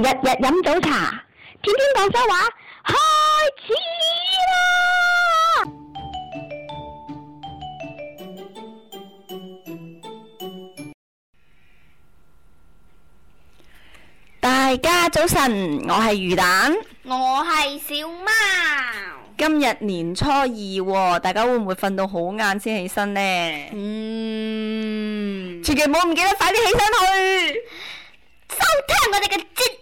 日日飲早茶，天天廣州話，開始啦！大家早晨，我係魚蛋，我係小貓。今日年初二喎，大家會唔會瞓到好晏先起身呢？嗯，千祈唔好唔記得，快啲起身去收聽我哋嘅節。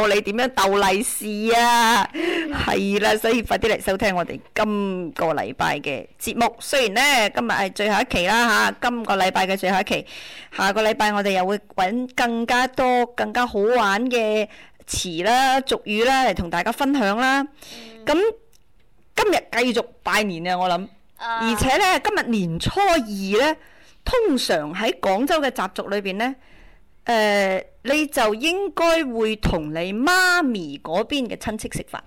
教你點樣逗利是啊，係啦，所以快啲嚟收聽我哋今個禮拜嘅節目。雖然咧今日係最後一期啦吓，今個禮拜嘅最後一期，下個禮拜我哋又會揾更加多、更加好玩嘅詞啦、俗語啦嚟同大家分享啦。咁今日繼續拜年啊，我諗，而且咧今日年初二咧，通常喺廣州嘅習俗裏邊咧。誒、呃，你就應該會同你媽咪嗰邊嘅親戚食飯，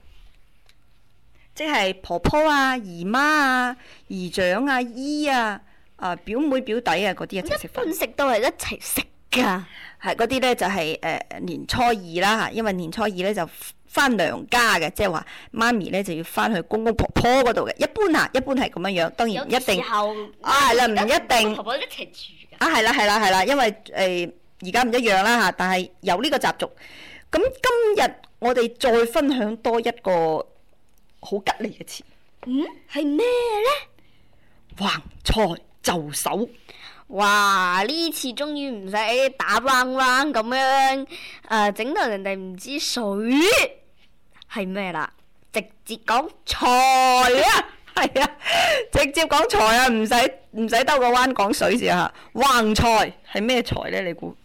即係婆婆啊、姨媽啊、姨丈啊、姨啊、啊表妹表弟啊嗰啲一齊食飯。食都係一齊食噶，係嗰啲咧就係、是、誒、呃、年初二啦嚇，因為年初二咧就返娘家嘅，即係話媽咪咧就要返去公公婆婆嗰度嘅。一般嚇、啊，一般係咁樣樣，當然唔一定。啊，係啦，唔一定。一定婆婆一齊住㗎。啊，係啦，係啦，係啦，因為誒。哎而家唔一樣啦嚇，但係有呢個習俗。咁今日我哋再分享多一個好吉利嘅詞。嗯？係咩呢？橫財就手。哇！呢次終於唔使打彎彎咁樣，誒，整到人哋唔知水係咩啦，直接講財啊！係啊，直接講財啊，唔使唔使兜個彎講水字嚇。橫財係咩財呢？你估？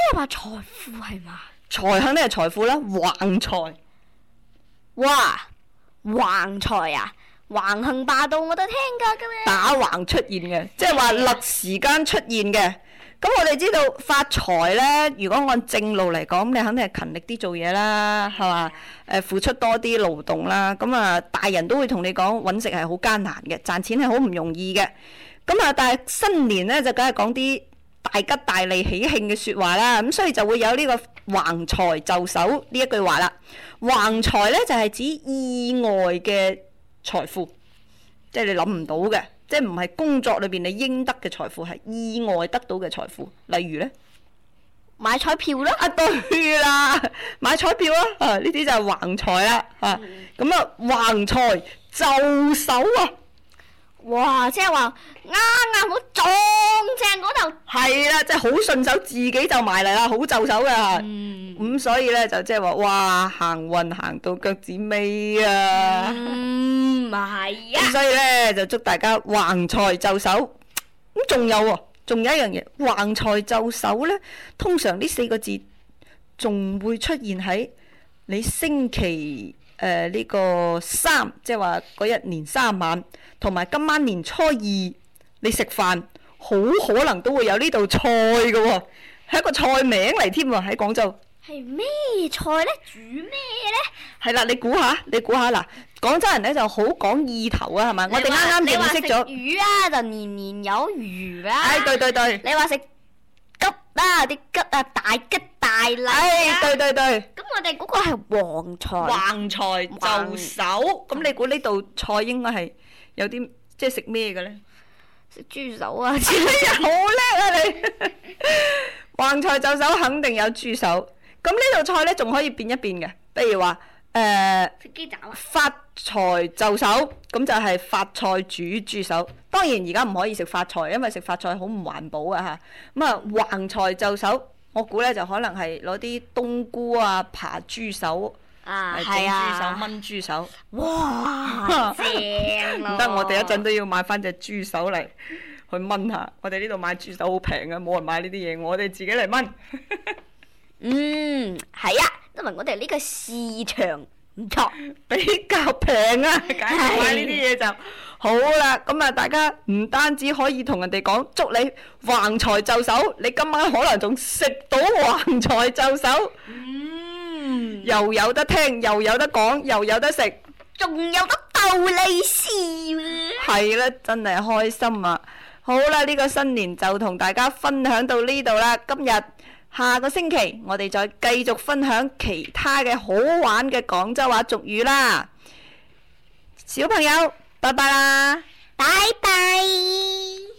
即係話財富係嘛？財肯定係財富啦，橫財。哇，橫財啊，橫行霸道我都聽過噶啦。打橫出現嘅，即係話立時間出現嘅。咁、啊、我哋知道發財咧，如果按正路嚟講，你肯定係勤力啲做嘢啦，係嘛，啊？誒，付出多啲勞動啦。咁啊，大人都會同你講揾食係好艱難嘅，賺錢係好唔容易嘅。咁啊，但係新年咧就梗係講啲。大吉大利喜慶嘅說話啦，咁所以就會有呢個橫財就手呢一句話啦。橫財咧就係指意外嘅財富，即係你諗唔到嘅，即係唔係工作裏邊你應得嘅財富，係意外得到嘅財富。例如咧，買彩票啦，啊對啦，買彩票啦，啊呢啲就係橫財啦，啊咁啊橫財就手啊！哇！即係話啱啱好撞正嗰度，係啦、啊，即係好順手，自己就埋嚟啦，好就手噶、啊。咁、嗯嗯、所以咧就即係話，哇！行運行到腳趾尾啊！咁、嗯啊、所以咧就祝大家橫財就手。咁仲有喎、啊，仲有一樣嘢，橫財就手咧，通常呢四個字仲會出現喺你星期。誒呢、呃這個三，即係話嗰一年三晚，同埋今晚年初二，你食飯好可能都會有呢道菜嘅喎、哦，係一個菜名嚟添喎喺廣州。係咩菜呢？煮咩呢？係啦， 你估下，你估下嗱，廣州人咧就好講意頭啊，係咪？說我哋啱啱認識咗。你話食魚啊，就年年有餘啊！誒、哎，對對對，對。你話食？啊！啲吉啊，大吉大利啊！對對對，咁我哋嗰個係橫財，橫財就手。咁你估呢道菜應該係有啲即係食咩嘅咧？食豬手啊！好叻啊你！橫財就手肯定有豬手。咁呢道菜咧仲可以變一變嘅，比如話。誒，食、uh, 發財就手，咁就係發菜煮豬手。當然而家唔可以食髮菜，因為食髮菜好唔環保啊吓。咁啊，橫財就手，我估呢就可能係攞啲冬菇啊扒豬手啊，豬手燜豬、啊、手。哇，正唔得，我哋一陣都要買翻隻豬手嚟去燜下。我哋呢度買豬手好平、 嗯、啊，冇人買呢啲嘢，我哋自己嚟燜。嗯，係啊。因為我哋呢個市場唔錯，比較平啊，買呢啲嘢就好啦。咁啊，大家唔單止可以同人哋講祝你橫財就手，你今晚可能仲食到橫財就手，嗯，又有得聽，又有得講，又有得食，仲有得逗利是。係啦，真係開心啊！好啦，呢個新年就同大家分享到呢度啦。今日。下個星期，我哋再繼續分享其他嘅好玩嘅廣州話俗語啦！小朋友，拜拜啦！拜拜。